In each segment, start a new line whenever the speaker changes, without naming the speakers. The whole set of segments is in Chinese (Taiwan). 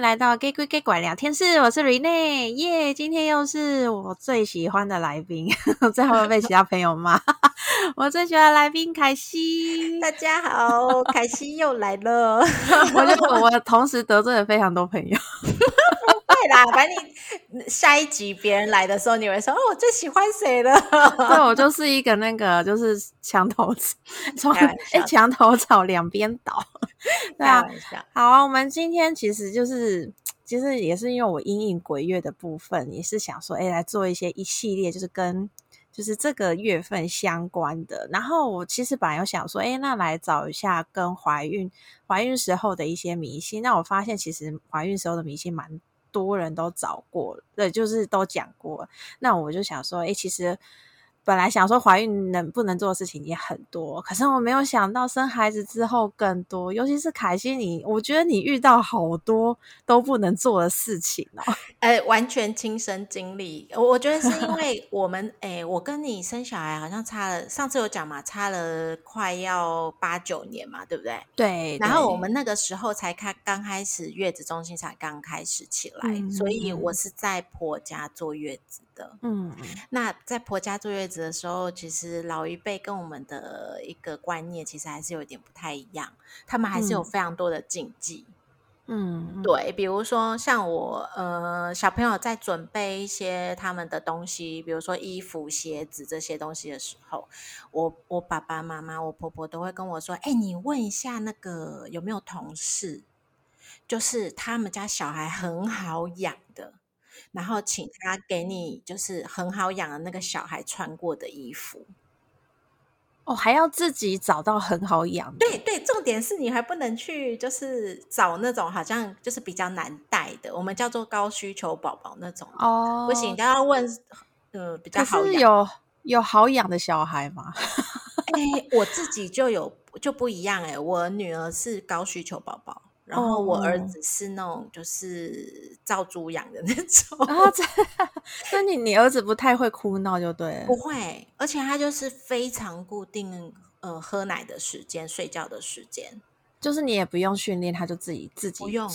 來到 g 鬼 t g e g 聊天室，我是 Rene，耶！Yeah, 今天又是我最喜歡的來賓，最 後被其他朋友罵。 我最喜歡的來賓凱西， 心大家好，凱西 又來了。 我就我同時得罪了非常多朋友，不 啦，趕緊 下一集別人來的時候，你會說哦，我最喜歡誰了？對， 我就是一個那個，就是牆頭、欸、頭草，哎，牆頭草兩邊倒。對啊，好，我們今天其實就是，其實也是因為我因應鬼月的部分，也是想說，哎、欸，來做一些一系列，就是跟就是這個月份相關的。然後我其實本來有想說，哎、欸，那來找一下跟懷孕懷孕時候的一些迷信。那我發現，其實懷孕時候的迷信蠻。多人都找過了，對，就是都講過。那我就想說，哎、欸，其實。本來想說，懷孕能不能做的事情也很多，可是我沒有想到生孩子之後更多，尤其是凱西你，你我覺得你遇到，好多都不能做的事情哦。哎、呃，完全親身經歷，我覺得是因為我們哎， 我跟你生小孩好像差了，上次有講嘛，差了快要八九年嘛，對不對？對。對，然後我們那個時候才開，剛開始月子中心才剛開始起來，嗯、所以我是在婆家坐月子。嗯，那在婆家坐月子的時候，其實老一輩跟我們的一個觀念其實還是有點不太一樣，他們還是有非常多的禁忌。嗯，對，比如說像我呃，小朋友在準備一些他們的東西，比如說衣服、鞋子這些東西的時候，我我爸爸媽媽、我婆婆都會跟我說：“哎，你問一下那個有沒有同事，就是他們家小孩很好養的。”然後請他給你就是很好養的那個小孩穿過的衣服哦，還要自己找到很好養的。對對，重點是你還不能去就是找那種好像就是比較難帶的，我們叫做高需求寶寶那種哦，不行，都要問，呃、嗯，比較好養。是有有好養的小孩嗎？哎、 欸，我自己就有就不一樣哎、欸，我女兒是高需求寶寶。然後我兒子是那種就是照豬養的那種、哦嗯，然後這，那你你兒子不太會哭鬧就對？不會，而且他就是非常固定呃喝奶的時間、睡覺的時間，就是你也不用訓練，他就自己自己不用。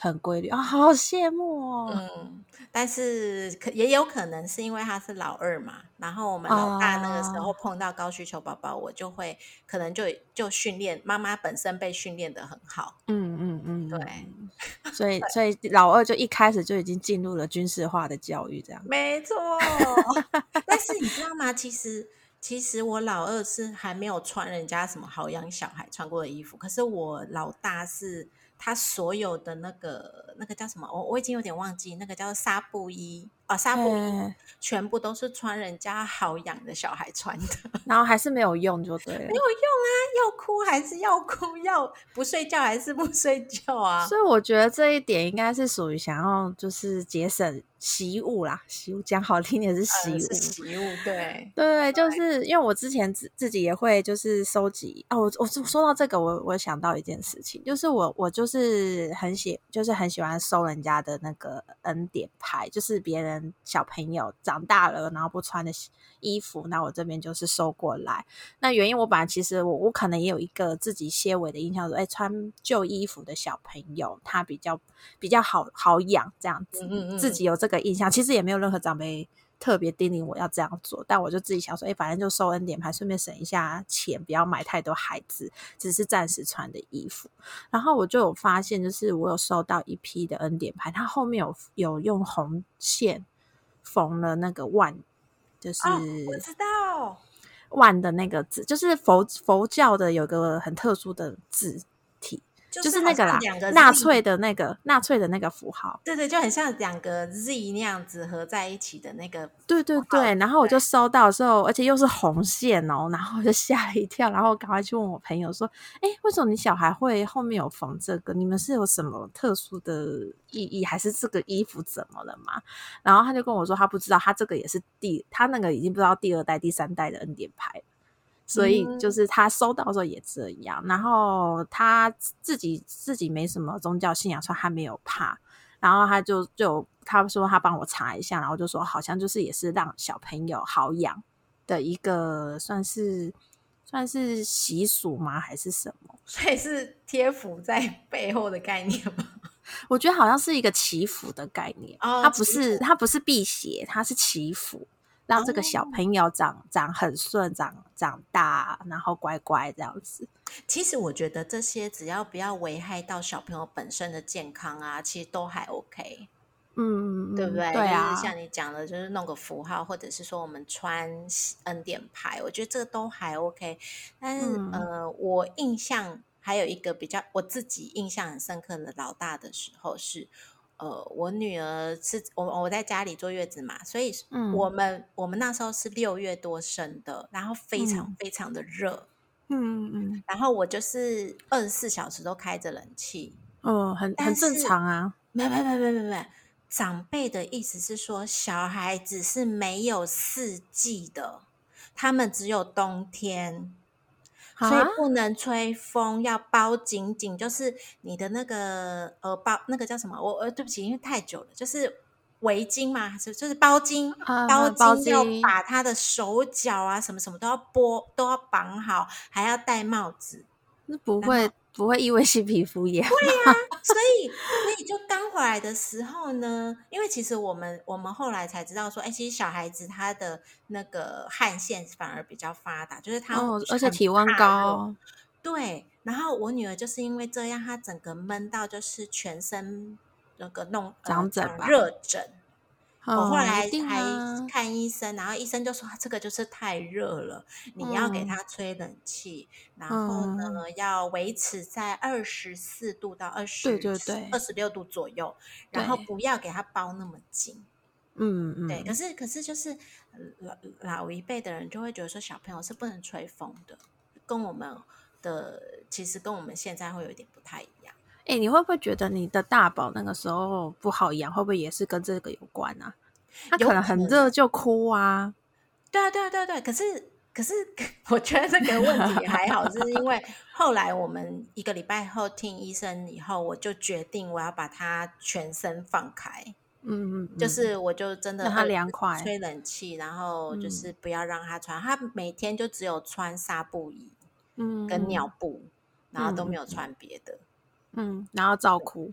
很規律啊，哦，好羨慕哦。嗯，但是可也有可能是因為他是老二嘛。然後我們老大那個時候碰到高需求寶寶，我就會、哦、可能就就訓練媽媽本身被訓練得很好。嗯，嗯嗯嗯，對。所以所以老二就一開始就已經進入了軍事化的教育，這樣沒錯。但是你知道嗎？其實其實我老二是還沒有穿人家什麼好養小孩穿過的衣服，可是我老大是。他所有的那個，那個叫什麼？我我已經有點忘記。那個叫紗布衣啊，紗、哦、布衣、嗯、全部都是穿人家好養的小孩穿的，然後還是沒有用，就對了，你沒有用啊！要哭還是要哭？要不睡覺還是不睡覺啊？所以我覺得這一點應該是屬於想要就是節省習物啦，習物講好聽點是習物，習、呃、物對 對，就是因為我之前自自己也會就是收集哦對、啊。我我說到這個，我我想到一件事情，就是我我就是很喜，就是很喜歡。收人家的那個恩典牌，就是別人小朋友長大了，然後不穿的衣服，那我這邊就是收過來。那原因，我本來其實我我可能也有一個自己些微的印象、就是，說哎，穿舊衣服的小朋友他比較比較好好養這樣子，嗯嗯嗯自己有這個印象，其實也沒有任何長輩。特別叮嚀我要這樣做，但我就自己想說，欸、反正就收恩典牌，順便省一下錢，不要買太多孩子，只是暫時穿的衣服。然後我就有發現，就是我有收到一批的恩典牌，它後面有有用紅線縫了那個萬，就是、啊、我知道萬的那個字，就是佛佛教的有個很特殊的字。就是，就是那個啦，納 Z 粹的那個納粹的那個符號，對，對對，就很像兩個 Z 那樣子合在一起的那個，對對對。然後我就收到的時候，而且又是紅線哦，然後我就嚇了一跳，然後趕快去問我朋友說：“哎、欸，為什麼你小孩會後面有縫這個？你們是有什麼特殊的意義，還是這個衣服怎麼了嘛？”然後他就跟我說，他不知道，他這個也是第他那個已經不知道第二代、第三代的恩典牌了。所以就是他收到的時候也這樣，嗯、然後他自己自己沒什麼宗教信仰，所以他沒有怕，然後他就就他說他幫我查一下，然後就說好像就是也是讓小朋友好養的一個算是算是習俗嗎？還是什麼？所以是貼符在背後的概念嗎？ 我覺得好像是一個祈福的概念，它、哦、不是它福不是辟邪，它是祈福。讓這個小朋友長長很順，長長大，然後乖乖這樣子。其實我覺得這些只要不要危害到小朋友本身的健康啊，其實都還 OK。嗯，對不對？對啊，就是像你講的，就是弄個符號，或者是說我們穿恩典牌，我覺得這個都還 OK。但是，嗯，呃，我印象還有一個比較我自己印象很深刻的老大的時候是。呃，我女兒是我我在家裡坐月子嘛，所以我們、嗯、我們那時候是六月多生的，然後非常非常的熱，嗯嗯，然後我就是二十四小時都開着冷氣，哦，很是很正常啊，沒沒有沒有沒有沒有，長輩的意思是說小孩子是沒有四季的，他們只有冬天。所以不能吹風，啊，要包緊緊，就是你的那個呃包那個叫什麼？我呃對不起，因為太久了，就是圍巾嘛，是，是就是包巾，啊，包巾要把他的手腳啊什麼什麼都要剝，都要綁好，還要戴帽子。那不會。不會異位性皮膚炎。對啊，所以所以就剛回來的時候呢， 因為其實我們我們後來才知道說，哎，其實小孩子他的那個汗腺反而比較發達，就是他很很，哦、而且體溫高，哦。對，然後我女兒就是因為這樣，她整個悶到就是全身那個弄長疹、呃、熱疹。
Oh, 我後來才
看醫生，啊、然後醫生就說這個就是太熱了，嗯、你要給他吹冷氣，嗯、然後呢要維持在二十四度到二十對對對二十六度左右，對然後不要給他包那麼緊。嗯嗯對，對。可是可是就是老老一輩的人就會覺得說小朋友是不能吹風的，跟我們的其實跟我們現在會有點不太一樣。誒、欸，你會不會覺得你的大寶那個時候不好養？會不會也是跟這個有關啊？他可能很熱就哭啊，啊。對啊，對啊對、啊、對、啊。可是，可是我覺得這個問題還好， 是因為後來我們一個禮拜後聽醫生以後，我就決定我要把他全身放開。嗯嗯。嗯，就是我就真的讓他涼快，吹冷氣，然後就是不要讓他穿，嗯、他每天就只有穿紗布衣，嗯，跟尿布，然後都沒有穿別的。嗯，然後照哭，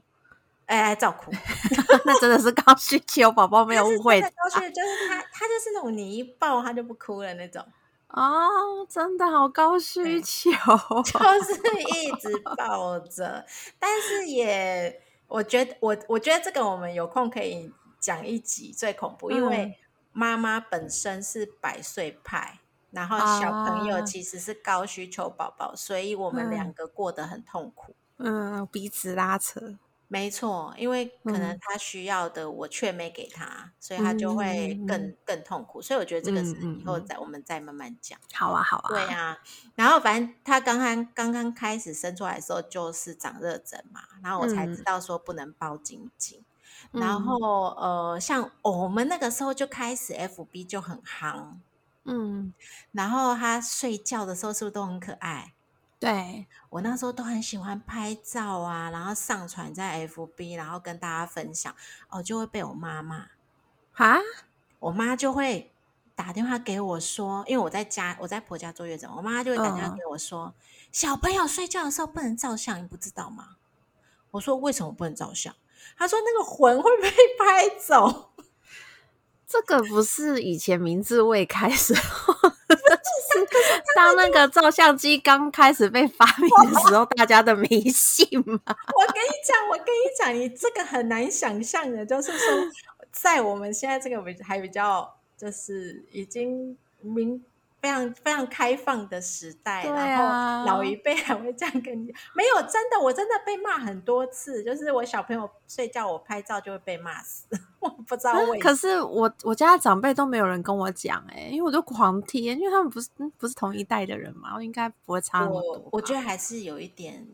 哎、欸，照哭， 那真的是高需求寶寶，寶寶沒有誤會。高需求就是他，他就是那種你一抱他就不哭了那種。哦，真的好高需求，就是一直抱着， 但是也，我覺得我我覺得這個我們有空可以講一集最恐怖，嗯、因為媽媽本身是百歲派，然後小朋友其實是高需求寶寶，啊、所以我們兩個過得很痛苦。嗯嗯，彼此拉扯，沒錯，因為可能他需要的我卻沒給他，嗯、所以他就會更、嗯、更痛苦。嗯、所以我覺得這個是以後再、嗯、我們再慢慢講。好啊，好啊，對啊。然後反正他剛剛剛剛開始生出來的時候就是長熱疹嘛，然後我才知道說不能抱緊緊。嗯、
然後
呃、像、哦、我們那個時候就開始 FB 就很夯，嗯。然後他睡覺的時候是不是都很可愛？對我那時候都很喜歡拍照啊，然後上傳在 FB，然後跟大家分享哦，就會被我媽罵哈，我媽就會打電話給我說，因為我在家，我在婆家坐月子，我媽就會打電話給我說、嗯，小朋友睡覺的時候不能照相，你不知道嗎？我說為什麼不能照相？她說那個魂會被拍走。這個不是以前名字未開始。 可是，當那個照相機剛開始被發明的時候，oh. 大家的迷信嘛。我跟你講，我跟你講，你這個很難想象的，就是說，在我們現在這個比還比較，就是已經明非常非常開放的時代，啊、然後老一輩還會這樣跟你。沒有，真的，我真的被罵很多次，就是我小朋友睡覺，我拍照就會被罵死。可是， 不知道可是我我家的長輩都沒有人跟我講哎、欸，因為我就狂貼、欸，因為他們不是不是同一代的人嘛，我應該不會差那麼多我。我覺得還是有一點，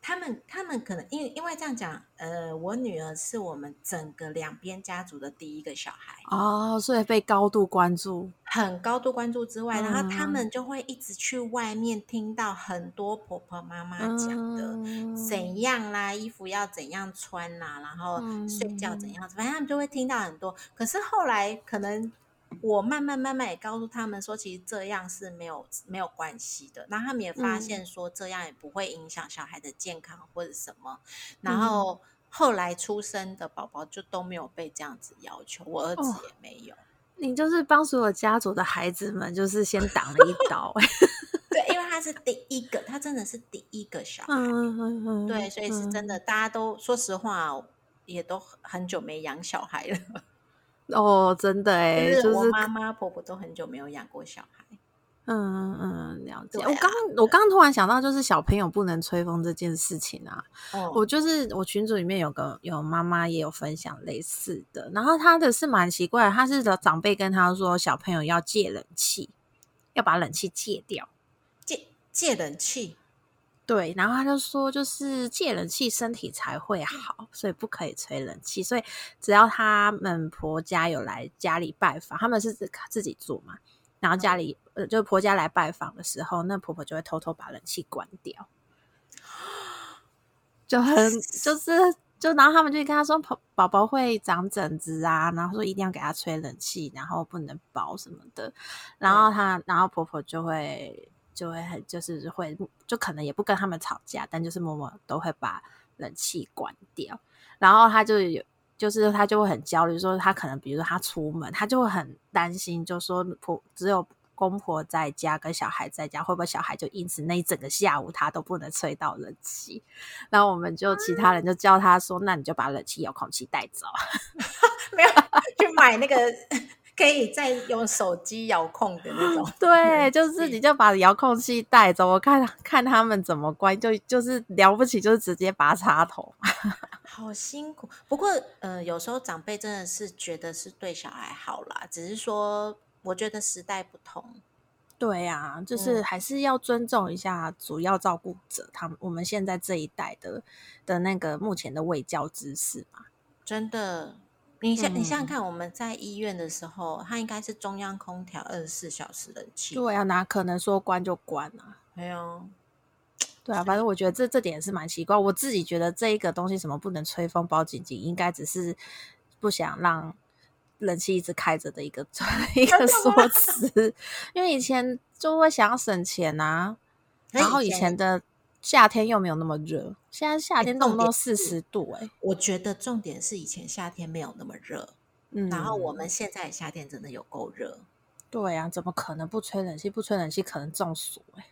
他們，他們可能因為因為這樣講，呃，我女兒是我們整個兩邊家族的第一個小孩哦，所以被高度關注，很高度關注之外，嗯、然後他們就會一直去外面聽到很多婆婆媽媽講的怎樣啦，嗯、衣服要怎樣穿啦、啊，然後睡覺怎樣，怎樣，反正他們就會。聽到很多，可是後來可能我慢慢慢慢也告訴他們說，其實這樣是沒有沒有關係的。然後他們也發現說，這樣也不會影響小孩的健康或者什麼。嗯、然後後來出生的寶寶就都沒有被這樣子要求，我兒子也沒有。哦、你就是幫所有家族的孩子們，就是先擋了一刀。 對，因為他是第一個，他真的是第一個小孩。嗯嗯、對，所以是真的，大家都說實話。也都很久沒養小孩了，哦，真的哎、欸，就是我媽媽、就是、婆婆都很久沒有養過小孩，嗯嗯，了解。啊、我剛對我剛突然想到，就是小朋友不能吹風這件事情啊，哦、我就是我群組裡面有個有媽媽也有分享類似的，然後她的是蠻奇怪的，她是的長輩跟她說小朋友要戒冷氣，要把冷氣戒掉，戒戒冷氣。對，然後他就說，就是借冷氣身體才會好，所以不可以吹冷氣。所以只要他們婆家有來家裡拜訪，他們是自己住嘛，然後家裡、嗯、呃就是婆家來拜訪的時候，那婆婆就會偷偷把冷氣關掉，就很就是就然後他們就跟他說，寶寶會長疹子啊，然後說一定要給他吹冷氣，然後不能包什麼的，然後他、嗯、然後婆婆就會。就會很，就是會，就可能也不跟他們吵架，但就是默默都會把冷氣關掉。然後他就有，就是他就會很焦慮，說他可能，比如說他出門，他就會很擔心，就說婆只有公婆在家跟小孩在家，會不會小孩就因此那一整個下午他都不能吹到冷氣？然後我們就其他人就叫他說，嗯、那你就把冷氣遙控器帶走， 沒有去買那個。 可以再用手機遙控的那種， 對，聲就是你就把遙控器帶走，我看看他們怎麼關，就就是了不起，就是直接拔插頭。 好辛苦，不過，呃，有時候長輩真的是覺得是對小孩好啦，只是說我覺得時代不同，對呀、啊，就是還是要尊重一下主要照顧者，嗯、他們我們現在這一代的的那個目前的衛教知識嘛，真的。你像你想想看，我們在醫院的時候，嗯、它應該是中央空調二十四小時冷氣。對、啊，我要哪可能說關就關了、啊？沒有。對啊，以反正我覺得這這點也是蠻奇怪。我自己覺得這一個東西什麼不能吹風包緊緊，應該只是不想讓冷氣一直開着的一個一個說辭。因為以前就會想要省錢啊，
以以然後以前的。
夏天又沒有那麼熱，現在夏天動不動四十度哎、欸欸，我覺得重點是以前夏天沒有那麼熱，嗯，然後我們現在夏天真的有夠熱，對呀、啊，怎麼可能不吹冷氣？不吹冷氣可能中暑哎、欸，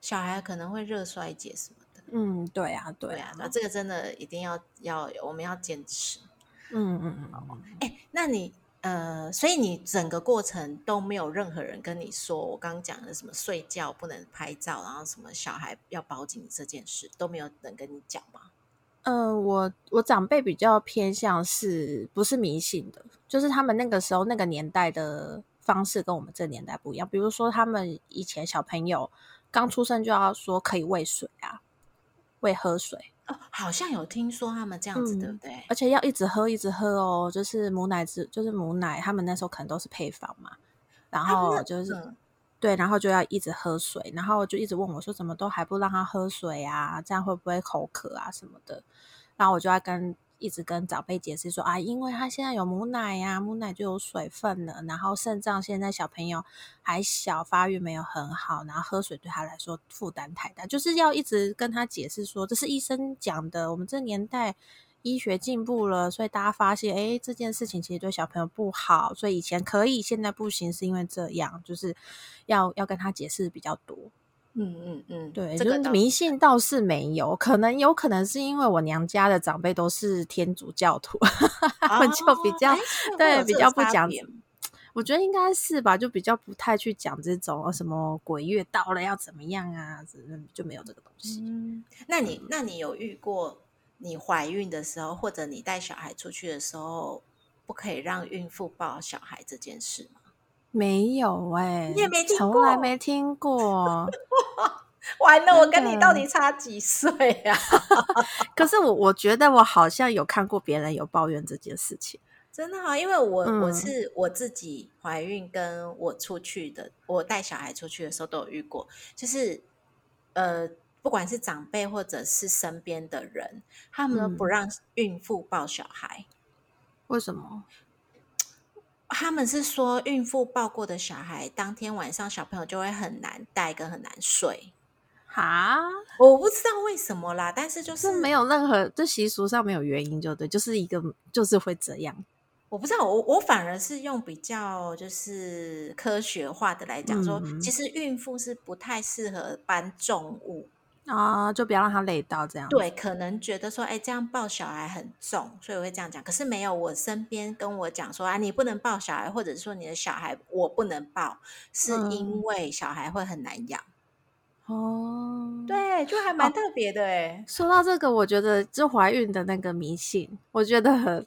小孩可能會熱衰竭什麼的，嗯，對啊，對啊，那、啊、這個真的一定要要有，我們要堅持，嗯嗯嗯，哎、嗯嗯嗯欸，那你。呃，所以你整個過程都沒有任何人跟你說，我剛剛講的什麼睡覺不能拍照，然後什麼小孩要抱緊這件事都沒有人跟你講嗎？嗯、呃，我我長輩比較偏向是不是迷信的，就是他們那個時候那個年代的方式跟我們這年代不一樣。比如說，他們以前小朋友剛出生就要說可以餵水啊，餵喝水。哦、好像有聽說他們這樣子，嗯、對不對？而且要一直喝，一直喝哦。就是母奶就是母奶，他們那時候可能都是配方嘛。然後就是，哎嗯、對，然後就要一直喝水，然後就一直問我，說怎麼都還不讓他喝水啊？這樣會不會口渴啊什麼的？然後我就要跟。一直跟長輩解釋說啊，因為他現在有母奶呀，母奶就有水分了。然後腎臟，現在小朋友還小，發育沒有很好，然後喝水對他來說負擔太大。就是要一直跟他解釋說，這是醫生講的。我們這年代醫學進步了，所以大家發現，哎，這件事情其實對小朋友不好，所以以前可以，現在不行，是因為這樣，就是要要跟他解釋比較多。嗯嗯嗯，對，這個迷信倒是沒有，可能有可能是因為我娘家的長輩都是天主教徒，哦、 就比較誒對，比較不講。我覺得應該是吧，就比較不太去講這種什麼鬼月到了要怎麼樣啊，什麼就沒有這個東西。嗯、那你那你有遇過你懷孕的時候，或者你帶小孩出去的時候，不可以讓孕婦抱小孩這件事嗎？沒有哎、欸，你也沒聽過？從來沒聽過。 完了，的我跟你到底差幾歲啊？ 可是我我覺得我好像有看過別人有抱怨這件事情。真的哈、啊，因為我、嗯、我是我自己懷孕跟我出去的，我帶小孩出去的時候都有遇過，就是呃，不管是長輩或者是身邊的人，他、嗯、們都不讓孕婦抱小孩。為什麼？他們是說，孕婦抱過的小孩，當天晚上小朋友就會很難帶跟很難睡。哈，我不知道為什麼啦，但是就是，是沒有任何這習俗上沒有原因，就對，就是一個就是會這樣。我不知道，我我反而是用比較就是科學化的來講說，嗯，其實孕婦是不太適合搬重物。啊，就不要讓他累到這樣。對，可能覺得說，哎、欸，這樣抱小孩很重，所以我會這樣講。可是沒有我身邊跟我講說，啊，你不能抱小孩，或者是說你的小孩我不能抱，是因為小孩會很難養。哦、嗯，對，就還蠻特別的，哎、欸。哦，說到這個，我覺得就懷孕的那個迷信，我覺得很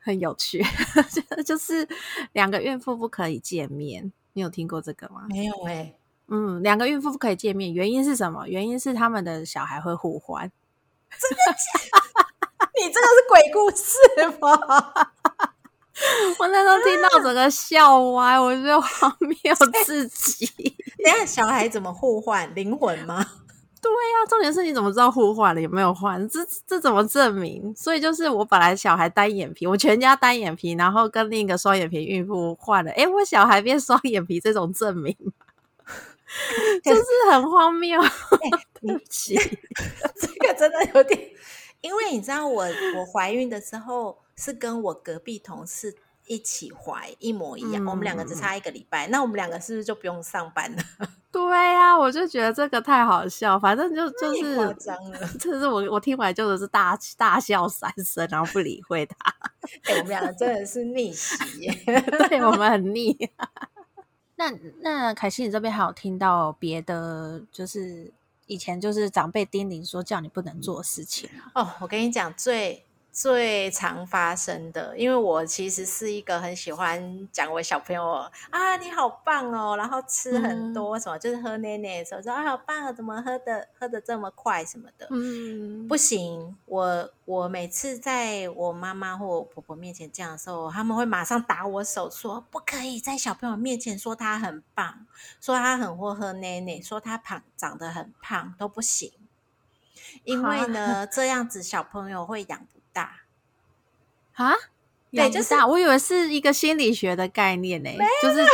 很有趣。 就是兩個孕婦不可以見面，你有聽過這個嗎？沒有哎、欸。嗯，兩個孕婦不可以見面，原因是什麼？原因是他們的小孩會互換。真的？ 你這個是鬼故事嗎？ 我那時候聽到整個笑歪，啊、我覺得沒有自己。你那小孩怎麼互換靈魂嗎？對呀、啊，重點是你怎麼知道互換了有沒有換？這這怎麼證明？所以就是我本來小孩單眼皮，我全家單眼皮，然後跟另一個雙眼皮孕婦換了，誒、欸、我小孩變雙眼皮，這種證明。就是很荒謬，對不嘿 起，這個真的有點。因為你知道我，我我懷孕的時候是跟我隔壁同事一起懷，一模一樣，嗯、我們兩個只差一個禮拜。那我們兩個是不是就不用上班了？對呀、啊，我就覺得這個太好笑。反正就就是誇張了，這是我我聽完就是大大笑三聲，然後不理會他。我們兩個真的是逆襲耶， 對我們很逆。 那那凱西，你這邊還有聽到別的，就是以前就是長輩叮嚀說叫你不能做的事情、嗯、哦，我跟你講，最。最常發生的，因為我其實是一個很喜歡講我小朋友啊，你好棒哦，然後吃很多什麼，嗯、就是喝奶奶的時候說啊、哎、好棒怎麼喝得喝得這麼快什麼的，嗯，不行，我我每次在我媽媽或我婆婆面前這樣的時候，他們會馬上打我手說，說不可以在小朋友面前說他很棒，說他很會喝奶奶，說他胖長得很胖都不行，因為呢好這樣子小朋友會養。啊，對，就是啊，我以為是一個心理學的概念呢、欸，沒有 就是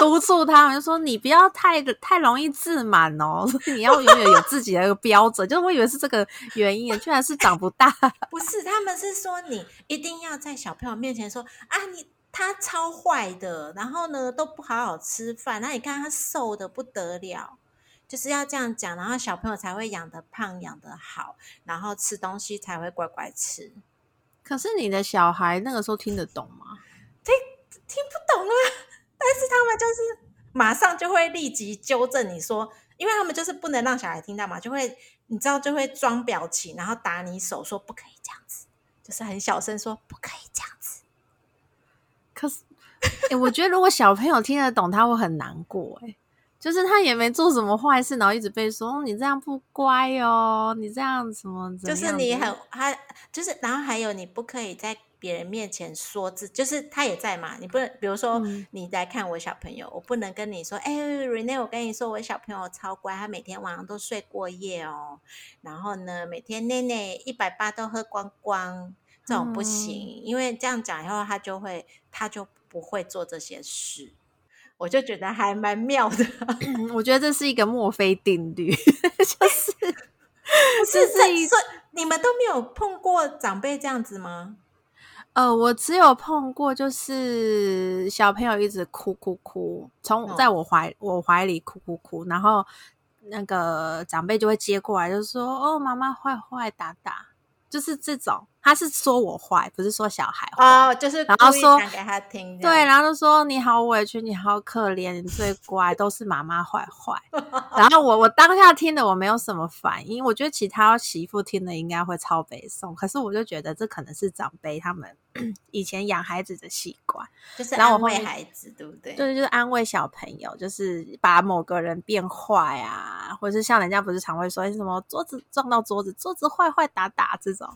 督促他們 就說你不要太太容易自滿哦，你要永遠有自己的一個標準， 就是我以為是這個原因，也居然是長不大。不是，他們是說你一定要在小朋友面前說啊你，你他超壞的，然後呢都不好好吃飯，那你看他瘦得不得了，就是要這樣講，然後小朋友才會養得胖，養得好，然後吃東西才會乖乖吃。可是你的小孩那個時候聽得懂嗎？聽聽不懂啊！但是他們就是馬上就會立即糾正你說，因為他們就是不能讓小孩聽到嘛，就會你知道就會裝表情，然後打你手說不可以這樣子，就是很小聲說不可以這樣子。可是，欸、我覺得如果小朋友聽得懂，他會很難過哎、欸。就是他也沒做什麼壞事，然後一直被說，哦、你這樣不乖哦，你這樣什麼？怎樣就是你很他，就是然後還有你不可以在別人面前說自，就是他也在嘛，你不能，比如說你來看我小朋友，嗯、我不能跟你說，哎、欸、Rene，我跟你說我小朋友超乖，他每天晚上都睡過夜哦，然後呢，每天內內一百八都喝光光，這種不行，嗯、因為這樣講以後他就會，他就不會做這些事。我就覺得還蠻妙的、嗯，我覺得這是一個墨菲定律， 就是是這一是說，你們都沒有碰過長輩這樣子嗎？呃，我只有碰過，就是小朋友一直哭哭哭，從在我懷、哦、我懷裡哭哭哭，然後那個長輩就會接過來，就說：“哦，媽媽壞壞打打”，就是這種。他是說我壞，不是說小孩壞，oh, 就是然後說給他聽，對，然後就說你好委屈，你好可憐，你最乖， 都是媽媽壞壞。然後我我當下聽的我沒有什麼反應，我覺得其他媳婦聽的應該會超悲痛，可是我就覺得這可能是長輩他們以前養孩子的習慣、嗯，就是安慰孩子，對不對？對， 就是安慰小朋友，就是把某個人變壞啊，或者是像人家不是常會說、欸、什麼桌子撞到桌子，桌子壞壞打打打這種。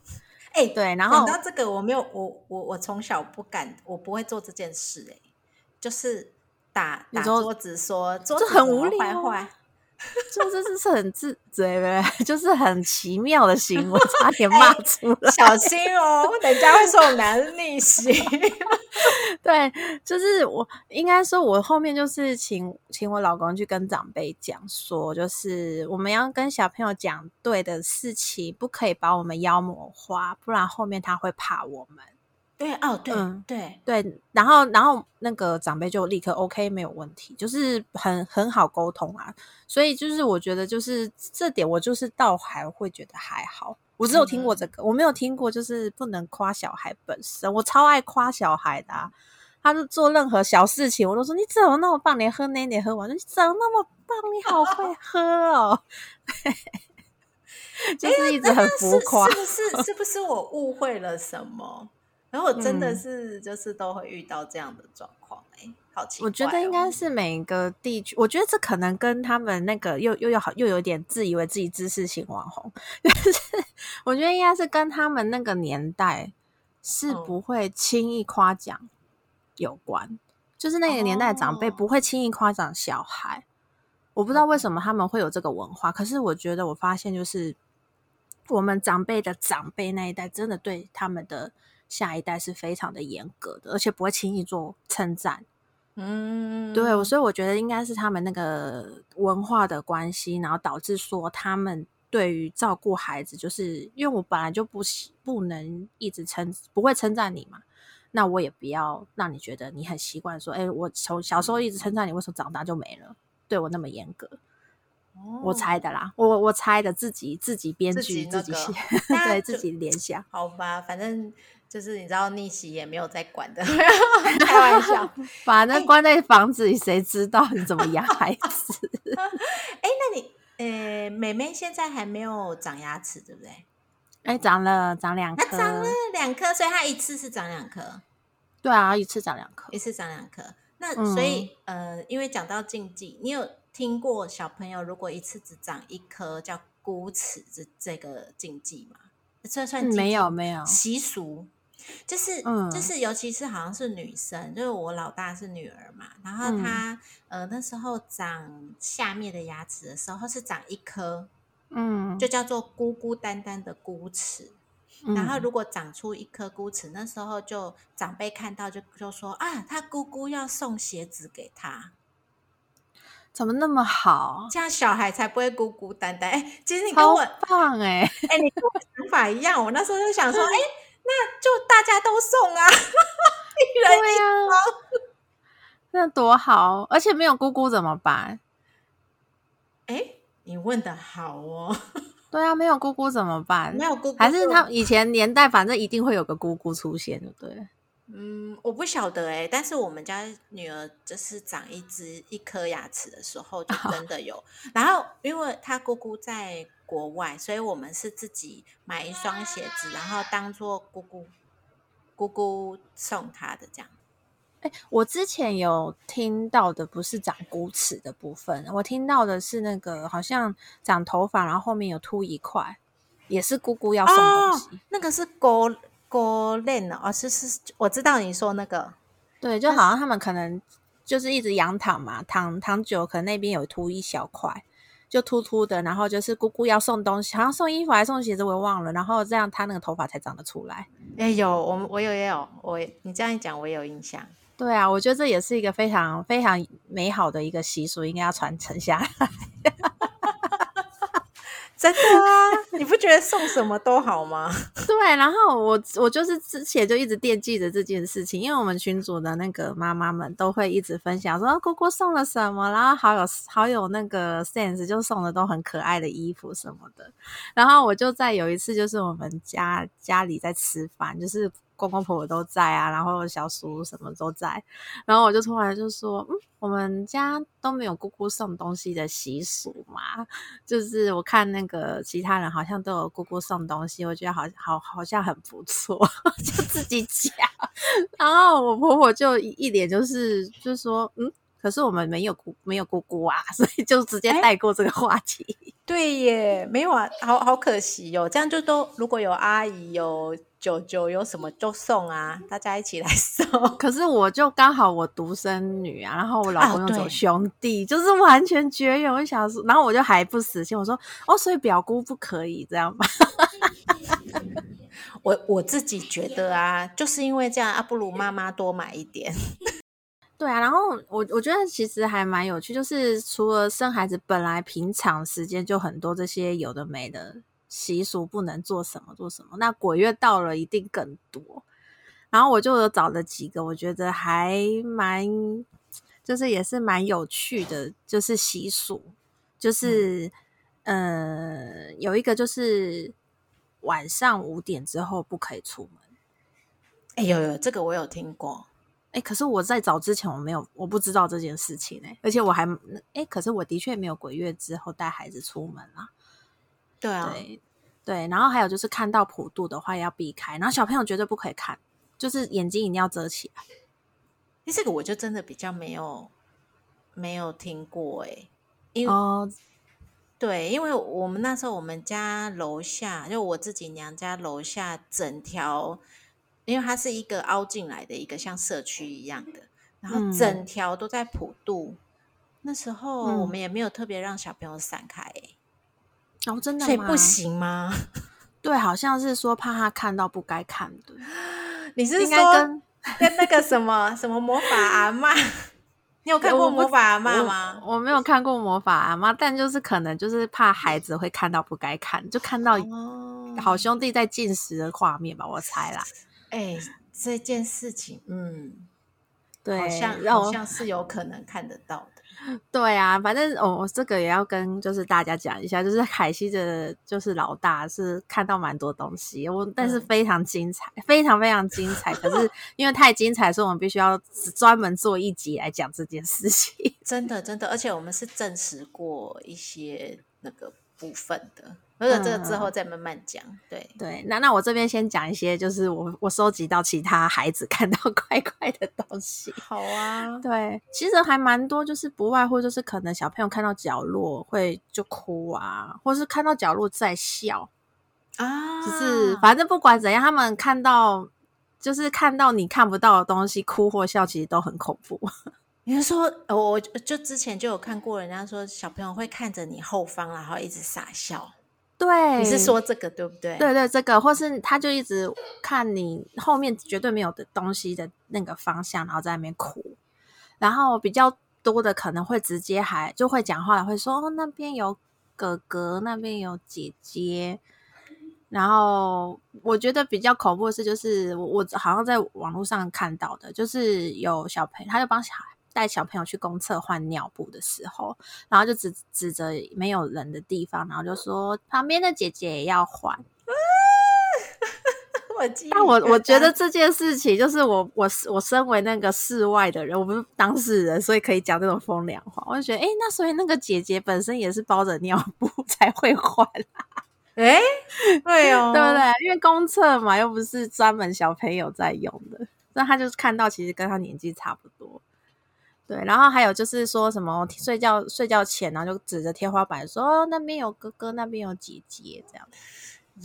哎、欸，對，然後到這個我沒有，我我我從小不敢，我不會做這件事、欸，誒，就是打打桌子說，就桌子很無聊、哦。 就這是很自嘴唄，就是很奇妙的行為， 差點罵出來、欸。小心哦， 等一下會說我男逆性。 對，就是我應該說，我後面就是請請我老公去跟長輩講說，就是我們要跟小朋友講對的事情，不可以把我們妖魔化，不然後面他會怕我們。對哦，對，嗯、對對，然後然後那個長輩就立刻 OK，沒有問題，就是很很好溝通啊，所以就是我覺得就是這點，我就是倒還會覺得還好。我只有聽過這個，我沒有聽過就是不能誇小孩本身，我超愛誇小孩的、啊。他就做任何小事情，我都說你怎麼那麼棒，你喝奶你喝完，你怎麼那麼棒，你好會喝哦。 就是一直很浮誇，哎、是是不是，是不是我誤會了什麼？然後我真的是，就是都會遇到這樣的狀況，欸，誒、嗯、好奇怪，哦。我覺得應該是每一個地區，我覺得這可能跟他們那個又又要好，又有點自以為自己知識型網紅。但 是我覺得應該是跟他們那個年代是不會輕易誇獎有關，哦，就是那個年代長輩不會輕易誇獎小孩。哦，我不知道為什麼他們會有這個文化，可是我覺得我發現，就是我們長輩的長輩那一代，真的對他們的。下一代是非常的嚴格的，而且不會輕易做稱讚。嗯，對，所以我覺得應該是他們那個文化的關係，然後導致說他們對於照顧孩子，就是因為我本來就不不能一直稱不會稱讚你嘛，那我也不要讓你覺得你很習慣說，誒、欸，我從小時候一直稱讚你，為什麼長大就沒了？對我那麼嚴格？哦、嗯，我猜的啦，我我猜的自己，自己自己編劇、那個、自己寫，那， 對，就，自己聯想。好吧，反正。就是你知道逆襲也沒有在管的， 開玩笑， 把那關在房子裡，誰知道你怎麼養孩子？哎、 欸，那你，呃、欸，妹妹現在還沒有長牙齒，對不對？哎、欸，長了長兩顆，那長了兩顆，所以她一次是長兩顆。對啊，一次長兩顆，一次長兩顆。那所以、嗯、呃，因為講到禁忌，你有聽過小朋友如果一次只長一顆叫孤齒，這這個禁忌嗎？這算，算、嗯、沒有沒有習俗。就是就是，嗯、就是尤其是好像是女生，就是我老大是女兒嘛，然後她，嗯、呃那時候長下面的牙齒的時候是長一顆，嗯，就叫做孤孤單單的孤齒，然後如果長出一顆孤齒，嗯、那時候就長輩看到就就說啊，他姑姑要送鞋子給他，怎麼那麼好，這樣小孩才不會孤孤單單。哎、欸，其實你跟我很棒哎、欸，哎、欸，你跟我 想法一樣，我那時候就想說，哎、欸。嗯那就大家都送啊，一人一包、啊、那多好！而且沒有姑姑怎麼辦？哎，你問的好哦。對啊，沒有姑姑怎麼辦？沒有姑姑，還是他以前年代，反正一定會有個姑姑出現的，對。嗯，我不曉得哎、欸，但是我們家女兒就是長一只一顆牙齒的時候，就真的有。哦、然後，因為她姑姑在。國外，所以我們是自己買一雙鞋子，然後當做姑姑姑姑送她的這樣。哎、欸，我之前有聽到的不是長骨齒的部分，我聽到的是那個好像長頭髮，然後後面有凸一塊，也是姑姑要送、哦、東西。那個是溝溝裂呢？哦，是是，我知道你說那個，對，就好像他們可能就是一直仰躺嘛，躺躺久，可能那邊有凸一小塊。就禿禿的，然後就是姑姑要送東西，好像送衣服還送鞋子，我忘了。然後這樣她那個頭髮才長得出來。哎、欸、有，我我有也有我，你這樣一講我有印象。對啊，我覺得這也是一個非常非常美好的一個習俗，應該要傳承下來。 真的啊！你不覺得送什麼都好嗎？ 對，然後我我就是之前就一直惦記着這件事情，因為我們群組的那個媽媽們都會一直分享說、嗯啊、姑姑送了什麼，然後好有好有那個 sense 就送的都很可愛的衣服什麼的，然後我就在有一次就是我們家家裡在吃飯，就是。公公婆婆都在啊，然後小叔什麼都在，然後我就突然就說，嗯，我們家都沒有姑姑送東西的習俗嘛，就是我看那個其他人好像都有姑姑送東西，我覺得好像好好像很不錯， 就自己講。 然後我婆婆就一，一臉就是就說，嗯，可是我們沒有姑沒有姑姑啊，所以就直接帶過這個話題。欸、對耶，沒有啊，好好可惜哦，這樣就都如果有阿姨有。九九有什麼就送啊，大家一起來送。可是我就剛好我獨生女啊，然後我老公有種兄弟，啊、就是完全絕緣。我想說，然後我就還不死心，我說哦，所以表姑不可以這樣吧？ 我我自己覺得啊，就是因為這樣，啊不如媽媽多買一點。 對啊，然後我我覺得其實還蠻有趣，就是除了生孩子，本來平常時間就很多，這些有的沒的。習俗不能做什麼做什麼，那鬼月到了一定更多。然後我就找了幾個，我覺得還蠻，就是也是蠻有趣的，就是習俗，就是、嗯、呃，有一個就是晚上五點之後不可以出門。哎、欸、有有，這個我有聽過。哎、欸，可是我在找之前我沒有，我不知道這件事情哎、欸，而且我還哎、欸，可是我的確沒有鬼月之後帶孩子出門啊。對啊對，對，然後還有就是看到普渡的話要避開，然後小朋友絕對不可以看，就是眼睛一定要遮起來。哎，這個我就真的比較沒有沒有聽過哎、欸，因為、哦、對，因為我們那時候我們家樓下，就我自己娘家樓下整條，因為它是一個凹進來的一個像社區一樣的，然後整條都在普渡，嗯、那時候我們也沒有特別讓小朋友散開，欸。然後、哦、真的嗎，所以不行嗎？對，好像是說怕他看到不該看的。 你是說應該跟跟那個什麼 什麼魔法阿媽？ 你有看過魔法阿媽嗎？我，我沒有看過魔法阿媽， 但就是可能就是怕孩子會看到不該看，就看到好兄弟在進食的畫面吧，我猜啦。哎、欸，這件事情，嗯，對，好像後好像是有可能看得到的。對啊，反正我我，哦、這個也要跟就是大家講一下，就是凱西的，就是老大是看到蠻多東西，我但是非常精彩，嗯，非常非常精彩，可是因為太精彩， 所以我們必須要專門做一集來講這件事情。真的真的，而且我們是證實過一些那個部分的。或者這個之後再慢慢講，嗯、對對，那那我這邊先講一些，就是我我收集到其他孩子看到怪怪的東西。好啊，對，其實還蠻多，就是不外乎就是可能小朋友看到角落會就哭啊，或是看到角落在笑啊，就是反正不管怎樣，他們看到就是看到你看不到的東西哭或笑，其實都很恐怖。啊、你說，我就之前就有看過，人家說小朋友會看着你後方，然後一直傻笑。對，你是說這個對不對？對對，對，這個，或是他就一直看你後面絕對沒有的東西的那個方向，然後在那邊哭，然後比較多的可能會直接還就會講話，會說哦，那邊有哥哥，那邊有姐姐，然後我覺得比較恐怖的是，就是我我好像在網絡上看到的，就是有小朋友，他就幫小孩。帶小朋友去公廁換尿布的時候，然後就指指着沒有人的地方，然後就說旁邊的姐姐也要換、啊。我記得，但我我覺得這件事情就是我我我身為那個室外的人，我不是當事人，所以可以講這種風涼話。我就覺得，誒、欸、那所以那個姐姐本身也是包着尿布才會換、啊。誒、欸、對哦， 對不對？因為公廁嘛，又不是專門小朋友在用的，那他就是看到其實跟他年紀差不多。對，然後還有就是說什麼睡覺睡覺前，然後就指着天花板說：“哦，那邊有哥哥，那邊有姐姐。”這樣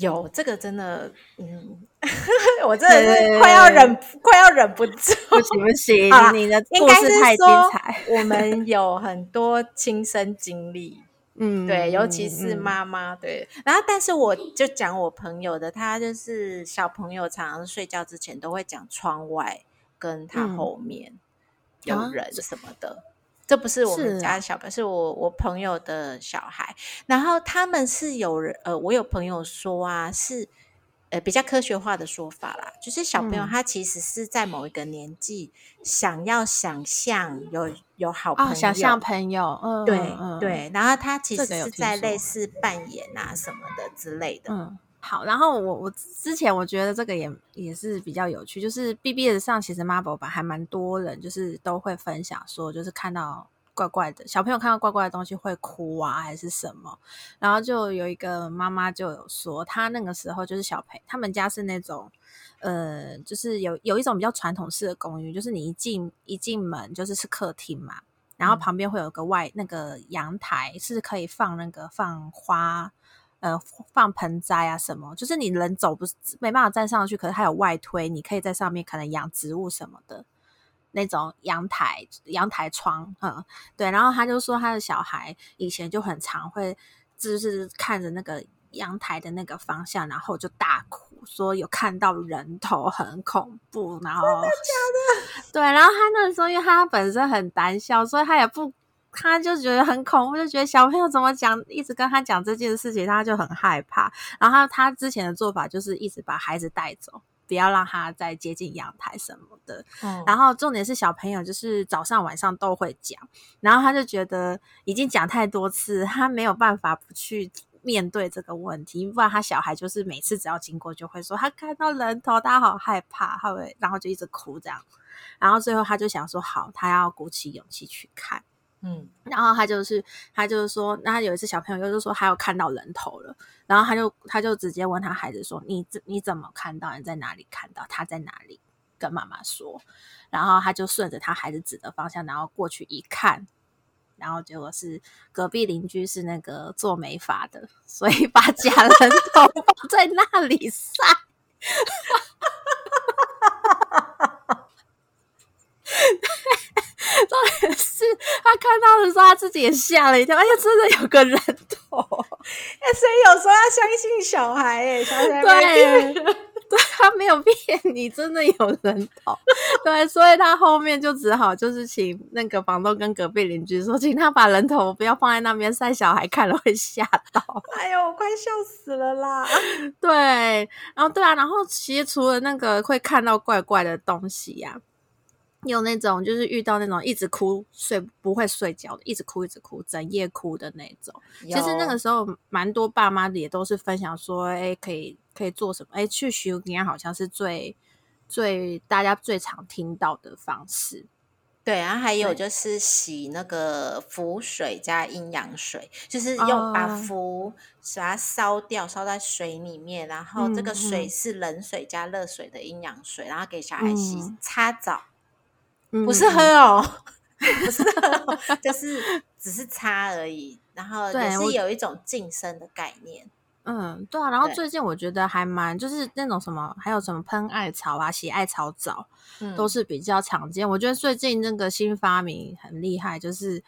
有、嗯、這個真的，嗯， 我真的是快要忍對快要忍不住，不行不行，不行，啦你的故事太精彩。 我們有很多親身經歷，嗯， 對，尤其是媽媽對。然後，但是我就講我朋友的，他就是小朋友，常常睡覺之前都會講窗外跟他後面。嗯有人什麼的，蛤？這不是我們家的小朋友，是，啊、是我我朋友的小孩。然後他們是有人呃，我有朋友說啊，是呃比較科學化的說法啦，就是小朋友他其實是在某一個年紀想要想象有有好朋友，哦、想象朋友，嗯、對對。然後他其實是在類似扮演啊什麼的之類的，嗯好，然後我我之前我覺得這個也也是比較有趣，就是 BBS 上其實媽寶版還蠻多人就是都會分享說，就是看到怪怪的小朋友看到怪怪的東西會哭啊，還是什麼。然後就有一個媽媽就有說，她那個時候就是小朋友他們家是那種呃，就是有有一種比較傳統式的公寓，就是你一進一進門就是是客廳嘛，然後旁邊會有個外那個陽台是可以放那個放花。呃，放盆栽啊什麼，就是你人走不，沒辦法站上去，可是它有外推，你可以在上面可能養植物什麼的那種陽台、陽台窗，嗯，對。然後他就說他的小孩以前就很常會，就是看着那個陽台的那個方向，然後就大哭，說有看到人頭，很恐怖。然後，真的假的？ 對，然後他那時候因為他本身很膽小，所以他也不。他就覺得很恐怖，就覺得小朋友怎麼講，一直跟他講這件事情，他就很害怕。然後他，他之前的做法就是一直把孩子帶走，不要讓他再接近陽台什麼的。嗯。然後重點是小朋友就是早上晚上都會講，然後他就覺得已經講太多次，他沒有辦法不去面對這個問題。不然他小孩就是每次只要經過就會說他看到人頭，他好害怕，他會然後就一直哭這樣。然後最後他就想說，好，他要鼓起勇氣去看。嗯，然後他就是，他就是說，那他有一次小朋友又就是說他有看到人頭了，然後他就他就直接問他孩子說，你你怎麼看到？你在哪裡看到？他在哪裡？跟媽媽說。然後他就順着他孩子指的方向，然後過去一看，然後結果是隔壁鄰居是那個做美髮的，所以把假人頭放在那裡曬。 重點是他看到的時候，他自己也嚇了一跳。哎呀，真的有個人頭！哎，所以有時候要相信小孩、欸，哎，小孩對，對他沒有騙你，真的有人頭。 對，所以他後面就只好就是請那個房東跟隔壁鄰居說，請他把人頭不要放在那邊曬，小孩看了會嚇到。哎喲，我快笑死了啦！對，然後對啊，然後其實除了那個會看到怪怪的東西呀、啊。有那種就是遇到那種一直哭睡不會睡覺的，一直哭一直哭整夜哭的那種。有其實那個時候蠻多爸媽也都是分享說，哎、欸，可以可以做什麼？哎、欸，去熏煙好像是最最大家最常聽到的方式。對，然、啊、後還有就是洗那個符水加陰陽水，是就是用把符，把它燒掉，燒在水裡面，然後這個水是冷水加熱水的陰陽水，嗯、然後給小孩洗、嗯、擦澡。不是喝哦，不是喝，就是只是擦而已。 然後只是有一種淨身的概念。嗯，對啊。然後最近我覺得還蠻，對就是那種什麼，還有什麼噴艾草啊、洗艾草澡，都是比較常見。嗯、我覺得最近那個新發明很厲害，就是。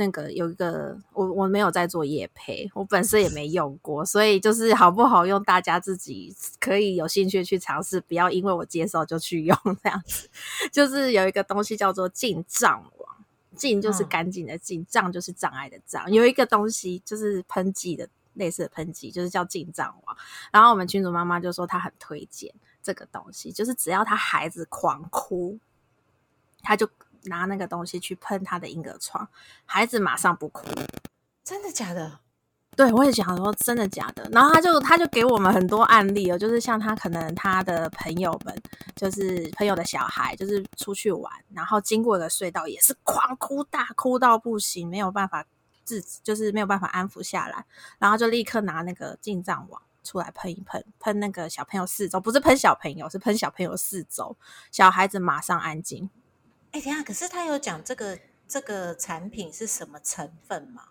那個有一個，我我沒有在做業配，我本身也沒用過，所以就是好不好用，大家自己可以有興趣去嘗試，不要因為我接受就去用這樣子。就是有一個東西叫做淨障王」，淨就是乾淨的淨，障、嗯、就是障礙的障，有一個東西就是噴劑的，類似的噴劑就是叫淨障王」。然後我們群主媽媽就說她很推薦這個東西，就是只要她孩子狂哭，她就。拿那個東西去噴他的嬰兒床，孩子馬上不哭。真的假的？對，我也想說真的假的。然後他就他就給我們很多案例哦，就是像他可能他的朋友們，就是朋友的小孩，就是出去玩，然後經過的隧道，也是狂哭大哭到不行，沒有辦法治，就是沒有辦法安撫下來，然後就立刻拿那個淨藏網出來噴一噴，噴那個小朋友四周，不是噴小朋友，是噴小朋友四周，小孩子馬上安靜。哎，等下，可是他有講這個這個產品是什麼成分嗎？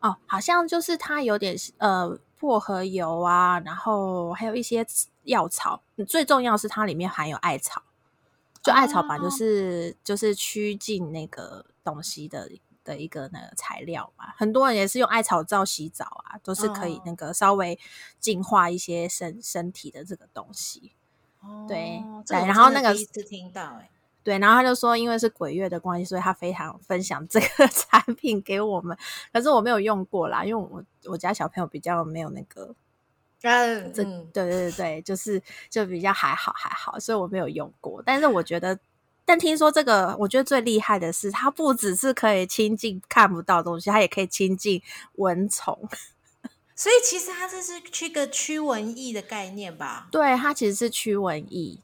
哦，好像就是它有點呃，薄荷油啊，然後還有一些藥草。最重要是它裡面含有艾草，就艾草吧，就是、哦、就是驅近那個東西的的一個那個材料嘛。很多人也是用艾草皂洗澡啊，都、哦、是可以那個稍微淨化一些身身體的這個東西。
哦，對對，然後那個，這個第
一次聽到、欸，哎。對，然後他就說，因為是鬼月的關係，所以他非常分享這個產品給我們。可是我沒有用過啦，因為我我家小朋友比較沒有那個。嗯，對對對，就是就比較還好還好，所以我沒有用過。但是我覺得，但聽說這個，我覺得最厲害的是，它不只是可以清淨看不到東西，它也可以清淨蚊蟲。所以其實它這是去個驅蚊液的概念吧？對，它其實是驅蚊液。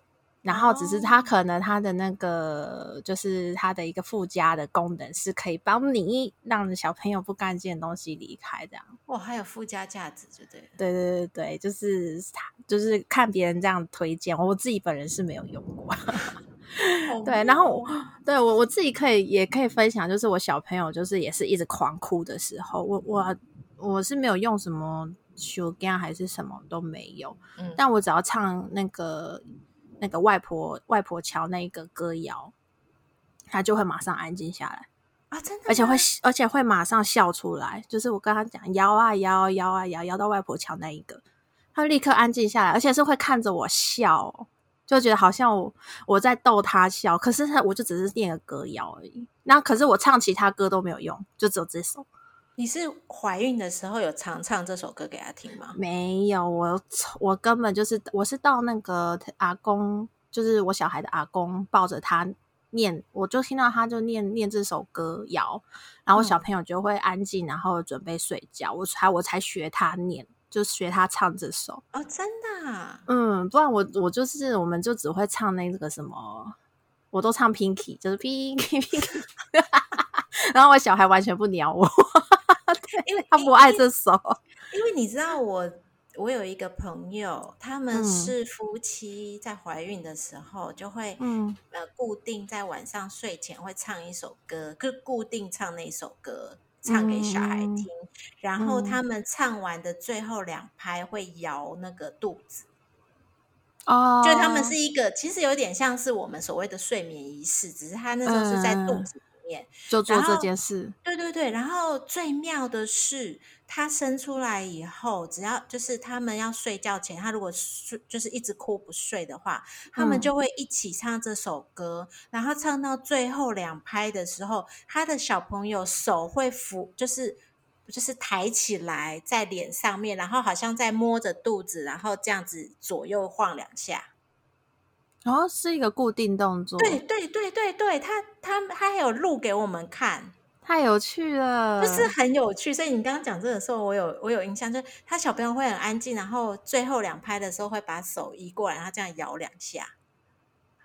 然後只是他可能他的那個就是他的一個附加的功能是可以幫你讓小朋友不乾淨的東西離開這樣，哇，還有附加價值就對對對對對對，就是就是看別人這樣推薦，我自己本人是沒有用過。 oh, 對，okay. 然後我對我我自己可以也可以分享，就是我小朋友就是也是一直狂哭的時候，我我我是沒有用什麼修 h 還是什麼都沒有，嗯、但我只要唱那個。那個外婆外婆橋那一個歌謠，他就會馬上安靜下來啊，真的，而且會而且會馬上笑出來。就是我跟他講搖啊搖搖啊搖搖，啊、到外婆橋那一個，他立刻安靜下來，而且是會看着我笑，就覺得好像我我在逗他笑。可是他我就只是念個歌謠而已，那可是我唱其他歌都沒有用，就只有這首。你是懷孕的時候有常唱這首歌給他聽嗎？沒有，我我根本就是我是到那個阿公，就是我小孩的阿公抱着他念，我就聽到他就念念這首歌謠，然後小朋友就會安靜，然後準備睡覺。哦，我才我才學他念，就學他唱這首哦，真的啊？嗯，不然我我就是我們就只會唱那個什麼，我都唱 pinky，就是 pinky pinky， 然後我小孩完全不鳥我。 因為他不愛這首。因為你知道我，我我有一個朋友，他們是夫妻，在懷孕的時候、嗯、就會，呃，固定在晚上睡前會唱一首歌，就固定唱那首歌，唱給小孩聽。嗯、然後他們唱完的最後兩拍會搖那個肚子。哦、嗯。就他們是一個，其實有點像是我們所謂的睡眠儀式，只是他那時候是在肚子。嗯就做這件事，對對對。然後最妙的是，他生出來以後，只要就是他們要睡覺前，他如果睡就是一直哭不睡的話，他們就會一起唱這首歌，嗯、然後唱到最後兩拍的時候，他的小朋友手會扶，就是就是抬起來在臉上面，然後好像在摸着肚子，然後這樣子左右晃兩下。然後，哦，是一個固定動作，對對對對對，他他他還有錄給我們看，太有趣了，就是很有趣。所以你剛剛講這個時候，我有我有印象，就是他小朋友會很安靜，然後最後兩拍的時候會把手移過來，然後這樣搖兩下。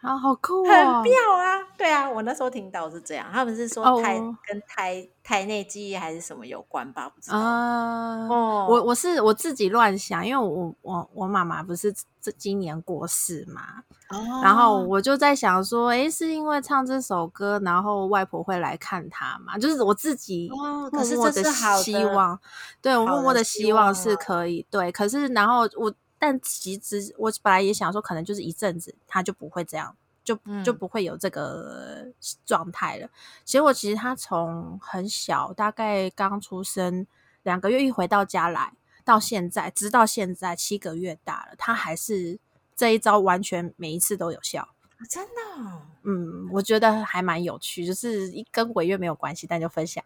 啊，好酷啊、哦！很妙啊，對啊，我那時候聽到是這樣，他們是說胎、哦、跟胎、胎內記憶還是什麼有關吧？不知道啊。呃、哦，我我是我自己亂想，因為我我我媽媽不是這今年過世嘛，哦、然後我就在想說，誒、欸，是因為唱這首歌，然後外婆會來看她嘛？就是我自己、哦、可是我的希望，對，我默默的希望是可以，對，可是然後我。但其實我本來也想說，可能就是一陣子，他就不會這樣，就、嗯、就不會有這個狀態了。結果其實他從很小，大概剛出生兩個月一回到家來，到現在直到現在七個月大了，他還是這一招完全每一次都有效，啊、真的、哦。嗯，我覺得還蠻有趣，就是一跟鬼月沒有關係，但就分享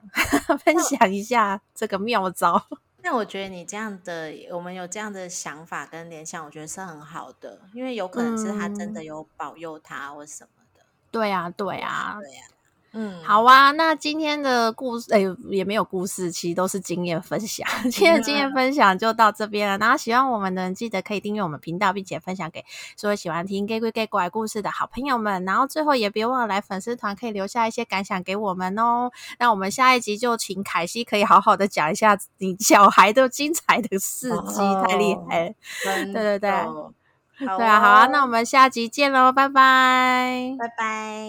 那麼 分享一下這個妙招。那我覺得你這樣的，我們有這樣的想法跟聯想，我覺得是很好的，因為有可能是他真的有保佑他或什麼的。對呀、嗯，對呀、啊。對啊對啊。嗯，好啊，那今天的故事，哎、欸，也沒有故事，其實都是經驗分享。今天的經驗分享就到這邊了。Yeah. 然後喜歡我們的人，記得可以訂閱我們頻道，並且分享給所有喜歡聽《Gay Gay Gay》故事的好朋友們。然後最後也別忘了來粉絲團，可以留下一些感想給我們哦、喔。那我們下一集就請凱西可以好好的講一下你小孩都精彩的事蹟，oh, 太厲害了。本當 對對對，啊對啊，好啊。那我們下集見嘍，拜拜，拜拜。